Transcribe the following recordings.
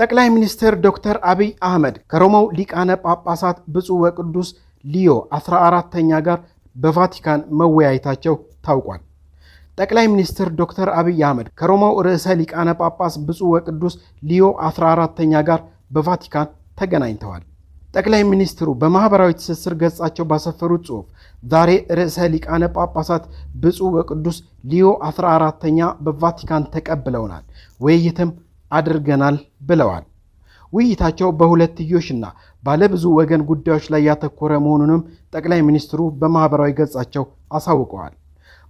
ጠቅላይ ሚኒስትር ዶክተር አብይ አህመድ ከሮማው ሊቃነ ጳጳሳት ብፁዕ ወቅዱስ ሊዮ 14ተኛ ጋር በቫቲካን መወያየታቸው ታውቋል። ጠቅላይ ሚኒስትር ዶክተር አብይ አህመድ ከሮማው ርዕሰ ሊቃነ ጳጳስ ብፁዕ ወቅዱስ ሊዮ 14ተኛ ጋር በቫቲካን ተገናኝተዋል። ጠቅላይ ሚኒስትሩ በማኅበራዊ ትስስር ገጻቸው ባሰፈሩት ጽሑፍ ዛሬ ርዕሰ ሊቃነ ጳጳሳት ብፁዕ ወቅዱስ ሊዮ 14ተኛ በቫቲካን ተቀብለውናል ውይይትም አድርገናል ብለዋል። ውይይታቸው በሁለትዮሽና ባለብዙ ወገን ጉዳዮች ላይ ያተኮረ መሆኑንም ጠቅላይ ሚኒስትሩ በማኅበራዊ ገጻቸው አሳውቀዋል።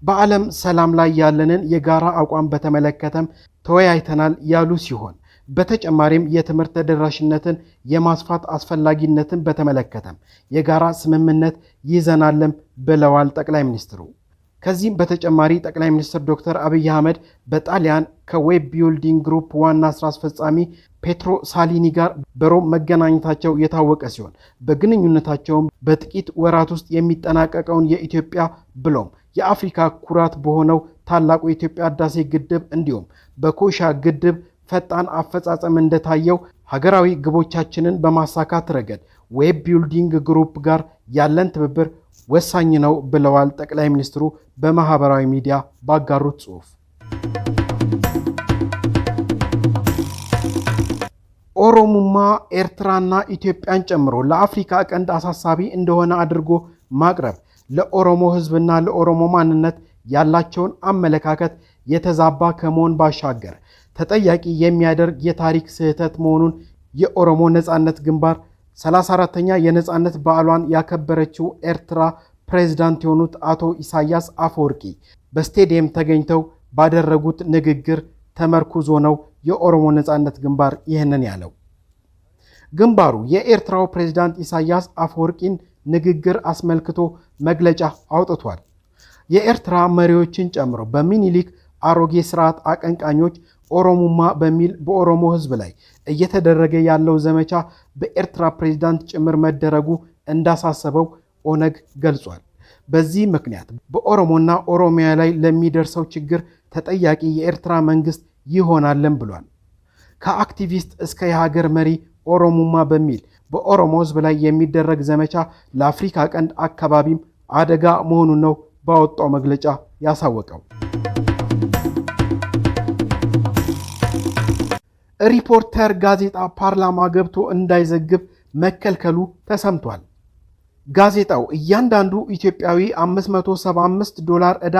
በዓለም ሰላም ላይ ያለንን የጋራ አቋም በተመለከተም ተወያይተናል ያሉ ሲሆን በተጨማሪም የትምህርት ተደራሽነትን የማስፋት አስፈላጊነትን በተመለከተም የጋራ ስምምነት ይዘናልም ብለዋል ጠቅላይ ሚኒስትሩ። ከዚህም በተጨማሪ ጠቅላይ ሚኒስትር ዶክተር አብይ አህመድ በጣሊያን ከዌብ ቢልዲንግ ግሩፕ ዋና ስራ አስፈጻሚ ፔትሮ ሳሊኒ ጋር በሮም መገናኘታቸው የታወቀ ሲሆን በግንኙነታቸውም በጥቂት ወራት ውስጥ የሚጠናቀቀውን የኢትዮጵያ ብሎም የአፍሪካ ኩራት በሆነው ታላቁ የኢትዮጵያ ህዳሴ ግድብ እንዲሁም በኮሻ ግድብ ፈጣን አፈጻጸም እንደታየው ሀገራዊ ግቦቻችንን በማሳካት ረገድ ዌብ ቢልዲንግ ግሩፕ ጋር ያለን ትብብር ወሳኝ ነው ብለዋል ጠቅላይ ሚኒስትሩ በማህበራዊ ሚዲያ ባጋሩት ጽሑፍ። ኦሮሙማ ኤርትራና ኢትዮጵያን ጨምሮ ለአፍሪካ ቀንድ አሳሳቢ እንደሆነ አድርጎ ማቅረብ ለኦሮሞ ሕዝብና ለኦሮሞ ማንነት ያላቸውን አመለካከት የተዛባ ከመሆን ባሻገር ተጠያቂ የሚያደርግ የታሪክ ስህተት መሆኑን የኦሮሞ ነፃነት ግንባር 34 ተኛ የነፃነት በዓሏን ያከበረችው ኤርትራ ፕሬዝዳንት የሆኑት አቶ ኢሳያስ አፈወርቂ በስቴዲየም ተገኝተው ባደረጉት ንግግር ተመርኩዞ ነው የኦሮሞ ነፃነት ግንባር ይህንን ያለው። ግንባሩ የኤርትራው ፕሬዝዳንት ኢሳያስ አፈወርቂን ንግግር አስመልክቶ መግለጫ አውጥቷል። የኤርትራ መሪዎችን ጨምሮ በሚኒሊክ አሮጌ ስርዓት አቀንቃኞች ኦሮሙማ በሚል በኦሮሞ ህዝብ ላይ እየተደረገ ያለው ዘመቻ በኤርትራ ፕሬዚዳንት ጭምር መደረጉ እንዳሳሰበው ኦነግ ገልጿል። በዚህ ምክንያት በኦሮሞና ኦሮሚያ ላይ ለሚደርሰው ችግር ተጠያቂ የኤርትራ መንግስት ይሆናልን ብሏል። ከአክቲቪስት እስከ የሀገር መሪ ኦሮሙማ በሚል በኦሮሞ ህዝብ ላይ የሚደረግ ዘመቻ ለአፍሪካ ቀንድ አካባቢም አደጋ መሆኑን ነው ባወጣው መግለጫ ያሳወቀው። ሪፖርተር ጋዜጣ ፓርላማ ገብቶ እንዳይዘግብ መከልከሉ ተሰምቷል። ጋዜጣው እያንዳንዱ ኢትዮጵያዊ 575 ዶላር ዕዳ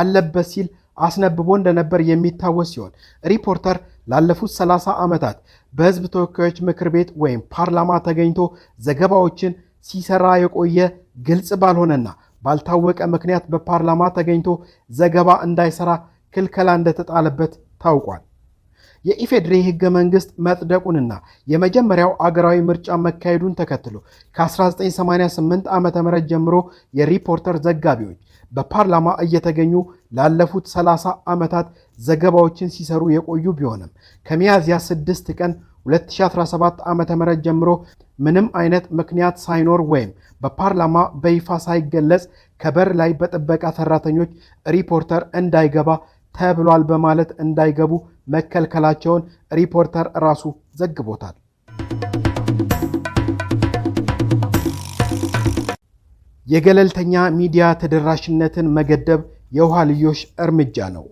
አለበት ሲል አስነብቦ እንደነበር የሚታወስ ሲሆን ሪፖርተር ላለፉት 30 ዓመታት በሕዝብ ተወካዮች ምክር ቤት ወይም ፓርላማ ተገኝቶ ዘገባዎችን ሲሰራ የቆየ ግልጽ ባልሆነና ባልታወቀ ምክንያት በፓርላማ ተገኝቶ ዘገባ እንዳይሰራ ክልከላ እንደተጣለበት ታውቋል። የኢፌዴሪ ህገ መንግስት መጽደቁንና የመጀመሪያው አገራዊ ምርጫ መካሄዱን ተከትሎ ከ1988 ዓ ም ጀምሮ የሪፖርተር ዘጋቢዎች በፓርላማ እየተገኙ ላለፉት 30 ዓመታት ዘገባዎችን ሲሰሩ የቆዩ ቢሆንም ከሚያዝያ 6 ቀን 2017 ዓ ም ጀምሮ ምንም አይነት ምክንያት ሳይኖር ወይም በፓርላማ በይፋ ሳይገለጽ ከበር ላይ በጥበቃ ሰራተኞች ሪፖርተር እንዳይገባ ተብሏል በማለት እንዳይገቡ መከልከላቸውን ሪፖርተር ራሱ ዘግቦታል። የገለልተኛ ሚዲያ ተደራሽነትን መገደብ የውሃ ልዮሽ እርምጃ ነው።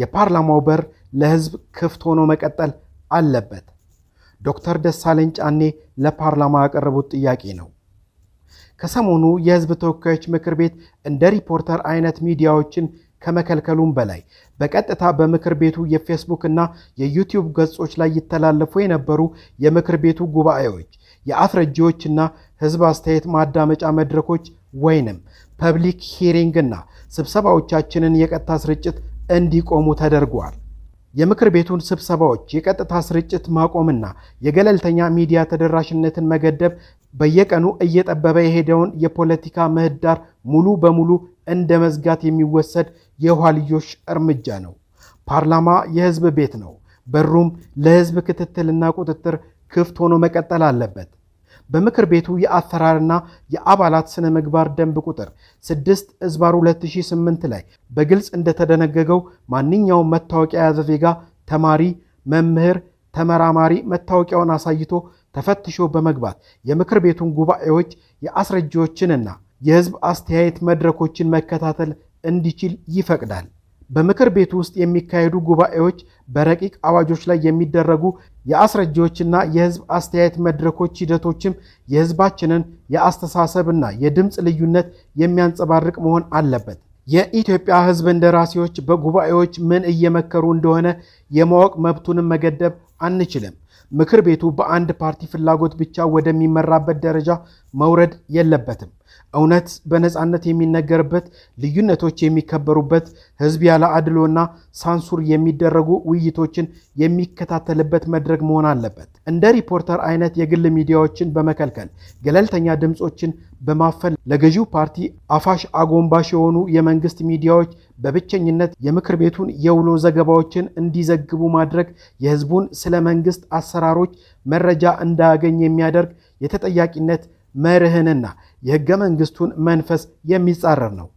የፓርላማው በር ለሕዝብ ክፍት ሆኖ መቀጠል አለበት። ዶክተር ደሳለኝ ጫኔ ለፓርላማ ያቀረቡት ጥያቄ ነው። ከሰሞኑ የሕዝብ ተወካዮች ምክር ቤት እንደ ሪፖርተር አይነት ሚዲያዎችን ከመከልከሉም በላይ በቀጥታ በምክር ቤቱ የፌስቡክ እና የዩቲዩብ ገጾች ላይ ይተላለፉ የነበሩ የምክር ቤቱ ጉባኤዎች፣ እና ህዝብ አስተያየት ማዳመጫ መድረኮች ወይንም ፐብሊክ ሂሪንግና ስብሰባዎቻችንን የቀጥታ ስርጭት እንዲቆሙ ተደርጓል። የምክር ቤቱን ስብሰባዎች የቀጥታ ስርጭት ማቆምና የገለልተኛ ሚዲያ ተደራሽነትን መገደብ በየቀኑ እየጠበበ የሄደውን የፖለቲካ ምህዳር ሙሉ በሙሉ እንደ መዝጋት የሚወሰድ የኋልዮሽ እርምጃ ነው። ፓርላማ የህዝብ ቤት ነው። በሩም ለህዝብ ክትትልና ቁጥጥር ክፍት ሆኖ መቀጠል አለበት። በምክር ቤቱ የአሰራርና የአባላት ስነ ምግባር ደንብ ቁጥር 6 እዝባር 2008 ላይ በግልጽ እንደተደነገገው ማንኛውም መታወቂያ የያዘ ዜጋ ተማሪ፣ መምህር፣ ተመራማሪ መታወቂያውን አሳይቶ ተፈትሾ በመግባት የምክር ቤቱን ጉባኤዎች የአስረጂዎችንና የህዝብ አስተያየት መድረኮችን መከታተል እንዲችል ይፈቅዳል። በምክር ቤቱ ውስጥ የሚካሄዱ ጉባኤዎች በረቂቅ አዋጆች ላይ የሚደረጉ የአስረጂዎችና የህዝብ አስተያየት መድረኮች ሂደቶችም የህዝባችንን የአስተሳሰብና የድምፅ ልዩነት የሚያንጸባርቅ መሆን አለበት። የኢትዮጵያ ህዝብ እንደራሴዎች በጉባኤዎች ምን እየመከሩ እንደሆነ የማወቅ መብቱንም መገደብ አንችልም። ምክር ቤቱ በአንድ ፓርቲ ፍላጎት ብቻ ወደሚመራበት ደረጃ መውረድ የለበትም። እውነት በነፃነት የሚነገርበት፣ ልዩነቶች የሚከበሩበት፣ ህዝብ ያለ አድሎና ሳንሱር የሚደረጉ ውይይቶችን የሚከታተልበት መድረክ መሆን አለበት። እንደ ሪፖርተር አይነት የግል ሚዲያዎችን በመከልከል ገለልተኛ ድምፆችን በማፈል ለገዢው ፓርቲ አፋሽ አጎንባሽ የሆኑ የመንግስት ሚዲያዎች በብቸኝነት የምክር ቤቱን የውሎ ዘገባዎችን እንዲዘግቡ ማድረግ የህዝቡን ስለ መንግስት አሰራሮች መረጃ እንዳያገኝ የሚያደርግ የተጠያቂነት መርህንና የሕገ መንግሥቱን መንፈስ የሚጻረር ነው።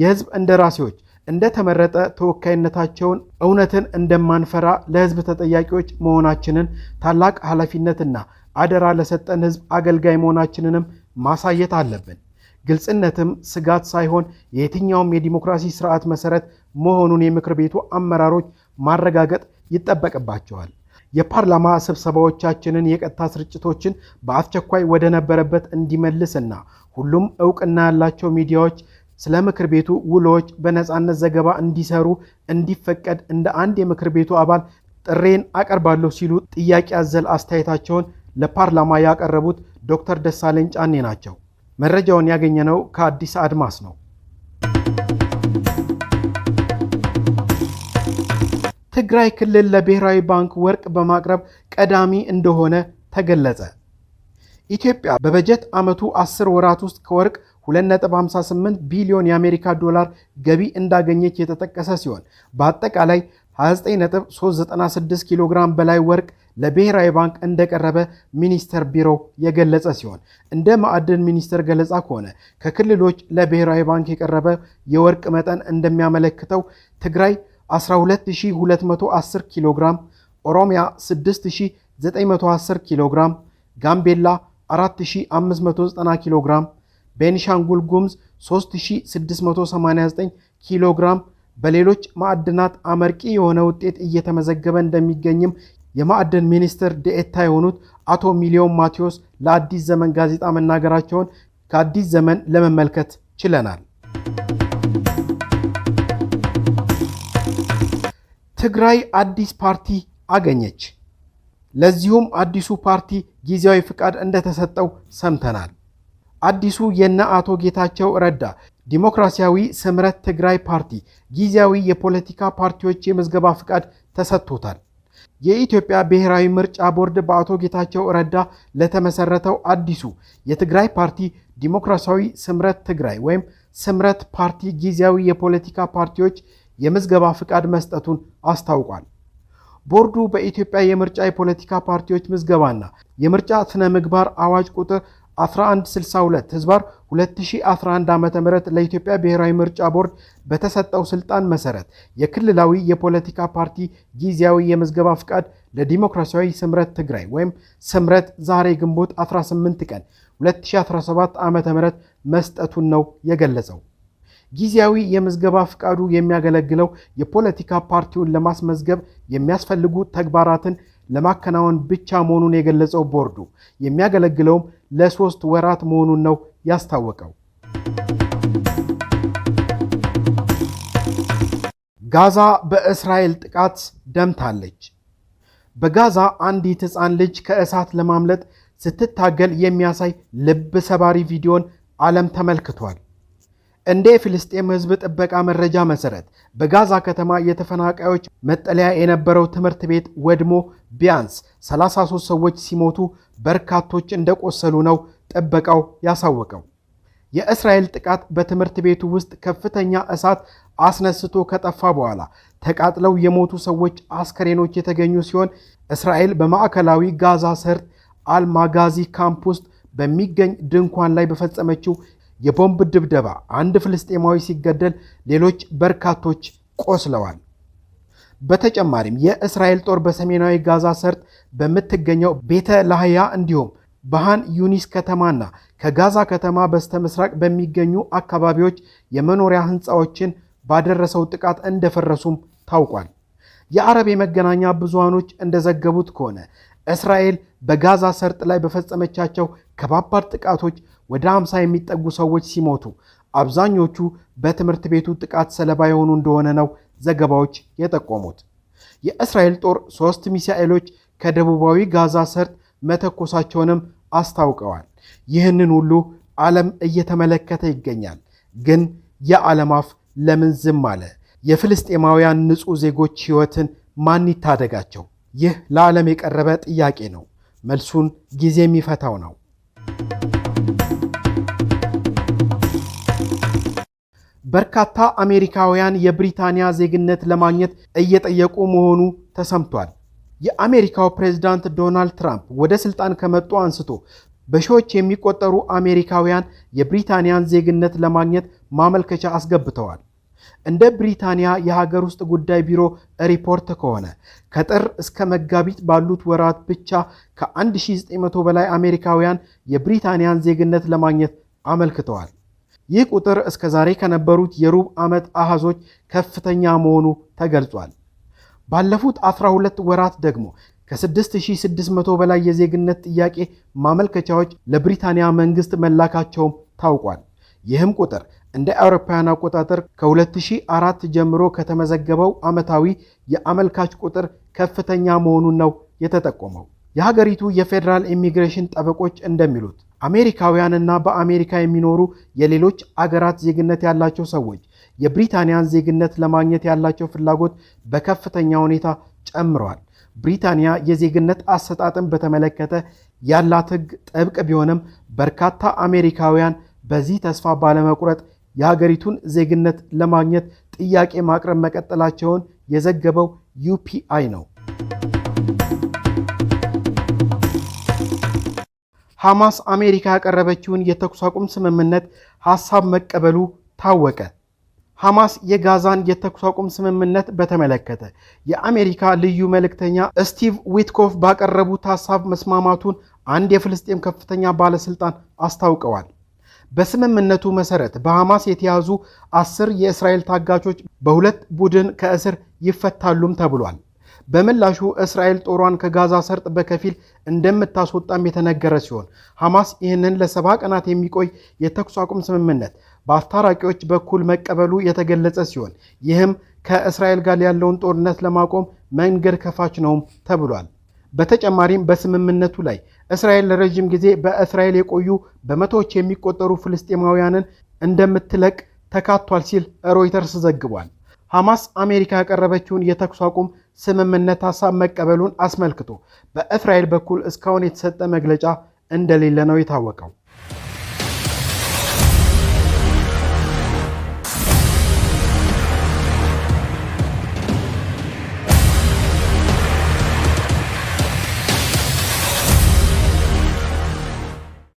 የሕዝብ እንደራሴዎች እንደተመረጠ ተወካይነታቸውን እውነትን እንደማንፈራ ለሕዝብ ተጠያቂዎች መሆናችንን ታላቅ ኃላፊነትና አደራ ለሰጠን ሕዝብ አገልጋይ መሆናችንንም ማሳየት አለብን። ግልጽነትም ስጋት ሳይሆን የየትኛውም የዲሞክራሲ ስርዓት መሰረት መሆኑን የምክር ቤቱ አመራሮች ማረጋገጥ ይጠበቅባቸዋል። የፓርላማ ስብሰባዎቻችንን የቀጥታ ስርጭቶችን በአስቸኳይ ወደ ነበረበት እንዲመልስና ሁሉም እውቅና ያላቸው ሚዲያዎች ስለ ምክር ቤቱ ውሎዎች በነፃነት ዘገባ እንዲሰሩ እንዲፈቀድ እንደ አንድ የምክር ቤቱ አባል ጥሬን አቀርባለሁ ሲሉ ጥያቄ አዘል አስተያየታቸውን ለፓርላማ ያቀረቡት ዶክተር ደሳለኝ ጫኔ ናቸው። መረጃውን ያገኘነው ከአዲስ አድማስ ነው። ትግራይ ክልል ለብሔራዊ ባንክ ወርቅ በማቅረብ ቀዳሚ እንደሆነ ተገለጸ። ኢትዮጵያ በበጀት ዓመቱ 10 ወራት ውስጥ ከወርቅ 2.58 ቢሊዮን የአሜሪካ ዶላር ገቢ እንዳገኘች የተጠቀሰ ሲሆን በአጠቃላይ 29.396 ኪሎ ግራም በላይ ወርቅ ለብሔራዊ ባንክ እንደቀረበ ሚኒስቴር ቢሮው የገለጸ ሲሆን እንደ ማዕድን ሚኒስቴር ገለጻ ከሆነ ከክልሎች ለብሔራዊ ባንክ የቀረበ የወርቅ መጠን እንደሚያመለክተው ትግራይ 12210 ኪሎ ግራም፣ ኦሮሚያ 6910 ኪሎ ግራም፣ ጋምቤላ 4590 ኪሎ ግራም፣ ቤንሻንጉል ጉሙዝ 3689 ኪሎ ግራም በሌሎች ማዕድናት አመርቂ የሆነ ውጤት እየተመዘገበ እንደሚገኝም የማዕድን ሚኒስትር ዴኤታ የሆኑት አቶ ሚሊዮን ማቴዎስ ለአዲስ ዘመን ጋዜጣ መናገራቸውን ከአዲስ ዘመን ለመመልከት ችለናል። ትግራይ አዲስ ፓርቲ አገኘች። ለዚሁም አዲሱ ፓርቲ ጊዜያዊ ፍቃድ እንደተሰጠው ሰምተናል። አዲሱ የነ አቶ ጌታቸው ረዳ ዲሞክራሲያዊ ስምረት ትግራይ ፓርቲ ጊዜያዊ የፖለቲካ ፓርቲዎች የምዝገባ ፍቃድ ተሰጥቶታል። የኢትዮጵያ ብሔራዊ ምርጫ ቦርድ በአቶ ጌታቸው ረዳ ለተመሰረተው አዲሱ የትግራይ ፓርቲ ዲሞክራሲያዊ ስምረት ትግራይ ወይም ስምረት ፓርቲ ጊዜያዊ የፖለቲካ ፓርቲዎች የምዝገባ ፍቃድ መስጠቱን አስታውቋል። ቦርዱ በኢትዮጵያ የምርጫ የፖለቲካ ፓርቲዎች ምዝገባና የምርጫ ስነ ምግባር አዋጅ ቁጥር 1162 ህዝባር 2011 ዓ ም ለኢትዮጵያ ብሔራዊ ምርጫ ቦርድ በተሰጠው ስልጣን መሰረት የክልላዊ የፖለቲካ ፓርቲ ጊዜያዊ የምዝገባ ፍቃድ ለዲሞክራሲያዊ ስምረት ትግራይ ወይም ስምረት ዛሬ ግንቦት 18 ቀን 2017 ዓ ም መስጠቱን ነው የገለጸው። ጊዜያዊ የምዝገባ ፍቃዱ የሚያገለግለው የፖለቲካ ፓርቲውን ለማስመዝገብ የሚያስፈልጉ ተግባራትን ለማከናወን ብቻ መሆኑን የገለጸው ቦርዱ የሚያገለግለውም ለሶስት ወራት መሆኑን ነው ያስታወቀው። ጋዛ በእስራኤል ጥቃት ደምታለች። በጋዛ አንዲት ሕፃን ልጅ ከእሳት ለማምለጥ ስትታገል የሚያሳይ ልብ ሰባሪ ቪዲዮን ዓለም ተመልክቷል። እንደ የፍልስጤም ህዝብ ጥበቃ መረጃ መሰረት በጋዛ ከተማ የተፈናቃዮች መጠለያ የነበረው ትምህርት ቤት ወድሞ ቢያንስ 33 ሰዎች ሲሞቱ በርካቶች እንደቆሰሉ ነው ጥበቃው ያሳወቀው። የእስራኤል ጥቃት በትምህርት ቤቱ ውስጥ ከፍተኛ እሳት አስነስቶ ከጠፋ በኋላ ተቃጥለው የሞቱ ሰዎች አስከሬኖች የተገኙ ሲሆን እስራኤል በማዕከላዊ ጋዛ ሰርጥ አልማጋዚ ካምፕ ውስጥ በሚገኝ ድንኳን ላይ በፈጸመችው የቦምብ ድብደባ አንድ ፍልስጤማዊ ሲገደል ሌሎች በርካቶች ቆስለዋል። በተጨማሪም የእስራኤል ጦር በሰሜናዊ ጋዛ ሰርጥ በምትገኘው ቤተ ላህያ እንዲሁም በሃን ዩኒስ ከተማና ከጋዛ ከተማ በስተምስራቅ በሚገኙ አካባቢዎች የመኖሪያ ህንፃዎችን ባደረሰው ጥቃት እንደፈረሱም ታውቋል። የአረብ የመገናኛ ብዙሃኖች እንደዘገቡት ከሆነ እስራኤል በጋዛ ሰርጥ ላይ በፈጸመቻቸው ከባባድ ጥቃቶች ወደ 50 የሚጠጉ ሰዎች ሲሞቱ አብዛኞቹ በትምህርት ቤቱ ጥቃት ሰለባ የሆኑ እንደሆነ ነው ዘገባዎች የጠቆሙት። የእስራኤል ጦር ሦስት ሚሳኤሎች ከደቡባዊ ጋዛ ሰርጥ መተኮሳቸውንም አስታውቀዋል። ይህንን ሁሉ ዓለም እየተመለከተ ይገኛል። ግን የዓለም አፍ ለምን ዝም አለ? የፍልስጤማውያን ንጹሕ ዜጎች ሕይወትን ማን ይታደጋቸው? ይህ ለዓለም የቀረበ ጥያቄ ነው። መልሱን ጊዜ የሚፈታው ነው። በርካታ አሜሪካውያን የብሪታንያ ዜግነት ለማግኘት እየጠየቁ መሆኑ ተሰምቷል። የአሜሪካው ፕሬዝዳንት ዶናልድ ትራምፕ ወደ ስልጣን ከመጡ አንስቶ በሺዎች የሚቆጠሩ አሜሪካውያን የብሪታንያን ዜግነት ለማግኘት ማመልከቻ አስገብተዋል። እንደ ብሪታንያ የሀገር ውስጥ ጉዳይ ቢሮ ሪፖርት ከሆነ ከጥር እስከ መጋቢት ባሉት ወራት ብቻ ከ1900 በላይ አሜሪካውያን የብሪታንያን ዜግነት ለማግኘት አመልክተዋል። ይህ ቁጥር እስከ ዛሬ ከነበሩት የሩብ ዓመት አሃዞች ከፍተኛ መሆኑ ተገልጿል። ባለፉት 12 ወራት ደግሞ ከ6600 በላይ የዜግነት ጥያቄ ማመልከቻዎች ለብሪታንያ መንግሥት መላካቸውም ታውቋል። ይህም ቁጥር እንደ አውሮፓውያን አቆጣጠር ከ2004 ጀምሮ ከተመዘገበው ዓመታዊ የአመልካች ቁጥር ከፍተኛ መሆኑን ነው የተጠቆመው። የሀገሪቱ የፌዴራል ኢሚግሬሽን ጠበቆች እንደሚሉት አሜሪካውያንና በአሜሪካ የሚኖሩ የሌሎች አገራት ዜግነት ያላቸው ሰዎች የብሪታንያን ዜግነት ለማግኘት ያላቸው ፍላጎት በከፍተኛ ሁኔታ ጨምረዋል። ብሪታንያ የዜግነት አሰጣጥን በተመለከተ ያላት ሕግ ጥብቅ ቢሆንም በርካታ አሜሪካውያን በዚህ ተስፋ ባለመቁረጥ የሀገሪቱን ዜግነት ለማግኘት ጥያቄ ማቅረብ መቀጠላቸውን የዘገበው ዩፒአይ ነው። ሐማስ አሜሪካ ያቀረበችውን የተኩስ አቁም ስምምነት ሐሳብ መቀበሉ ታወቀ። ሐማስ የጋዛን የተኩስ አቁም ስምምነት በተመለከተ የአሜሪካ ልዩ መልእክተኛ ስቲቭ ዊትኮፍ ባቀረቡት ሐሳብ መስማማቱን አንድ የፍልስጤም ከፍተኛ ባለሥልጣን አስታውቀዋል። በስምምነቱ መሠረት በሐማስ የተያዙ አስር የእስራኤል ታጋቾች በሁለት ቡድን ከእስር ይፈታሉም ተብሏል። በምላሹ እስራኤል ጦሯን ከጋዛ ሰርጥ በከፊል እንደምታስወጣም የተነገረ ሲሆን ሐማስ ይህንን ለሰባ ቀናት የሚቆይ የተኩስ አቁም ስምምነት በአስታራቂዎች በኩል መቀበሉ የተገለጸ ሲሆን ይህም ከእስራኤል ጋር ያለውን ጦርነት ለማቆም መንገድ ከፋች ነውም ተብሏል። በተጨማሪም በስምምነቱ ላይ እስራኤል ለረዥም ጊዜ በእስራኤል የቆዩ በመቶዎች የሚቆጠሩ ፍልስጤማውያንን እንደምትለቅ ተካቷል ሲል ሮይተርስ ዘግቧል። ሐማስ አሜሪካ ያቀረበችውን የተኩስ አቁም ስምምነት ሀሳብ መቀበሉን አስመልክቶ በእስራኤል በኩል እስካሁን የተሰጠ መግለጫ እንደሌለ ነው የታወቀው።